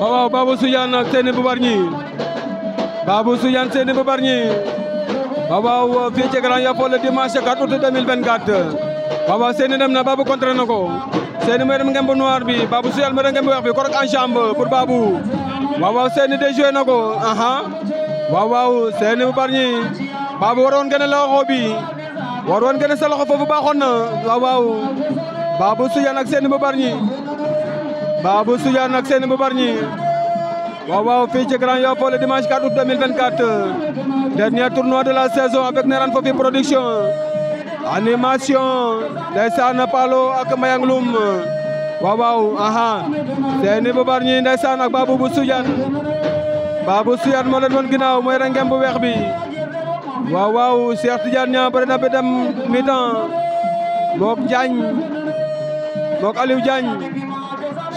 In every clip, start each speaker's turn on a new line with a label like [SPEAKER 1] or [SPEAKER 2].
[SPEAKER 1] waaw waaw Babou ak Seny bu Bargny Babou Soudiane Seny bu Bargny waaw waaw fii ci Grand Yoff le dimanche 4 août 2024 waaw waaw dem na Babou contré na ko Seny mooy dem ngemb noir bi Babou Soudiane mooy dem ngemb weex bi korok en chambre pour Babou waaw waaw Seny déjoué na ko aha waaw waaw Seny bu Bargny Babou waroon gën a loxo bi waroon gën a sa loxo foofu baaxoon na waaw waaw Babou Soudiane ak Seny bu Bargny babu Soudiane ak Seyni bu Bargny waaw waaw fii ci Grand Yoff le dimanche 4 août 2024 dernier tournoi de la saison avec Fofi production animation Desa Palo ak Mayang Loum aha Seyni bu Desa ndeysaan ak Babou bu Soudiane Babou Soudiane moo leen woon ginnaaw mooy rengem bu weex bi waaw waaw Cheikh Tidiane Niang bëri na dem mi-temps Aliou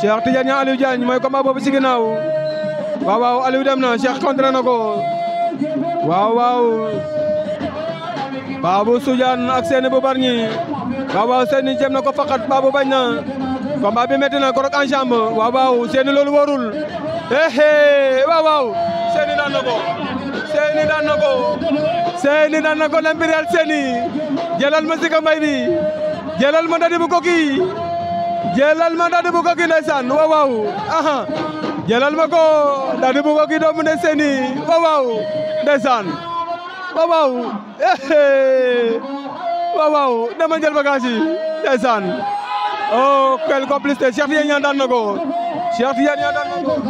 [SPEAKER 1] Cheikh Tidiane Niang Aliou Diagne mooy combat boobu ci ginnaaw waaw waaw dem na Cheikh contre na ko waaw waaw Babou ak Seny bu Bargny waaw waaw Seny na ko faqat Babou bañ na combat bi metti na ko rok loolu warul ehe eh, waaw waaw daan na ko Seny daan na ko Seny daan na ko l'Impérial Seny jëlal ma sika mbay bi ma ndadi bu koki jëlal ma Daddy Boucoki ndeysaan waaw waaw aha jëlal ma ko Daddy Boucoki doomu nde seeni waaw waaw ndeysaan waaw waaw waaw waaw dama jël bagage yi ndeysaan oh quel na ko Cheikh Tidiane Niang daan na ko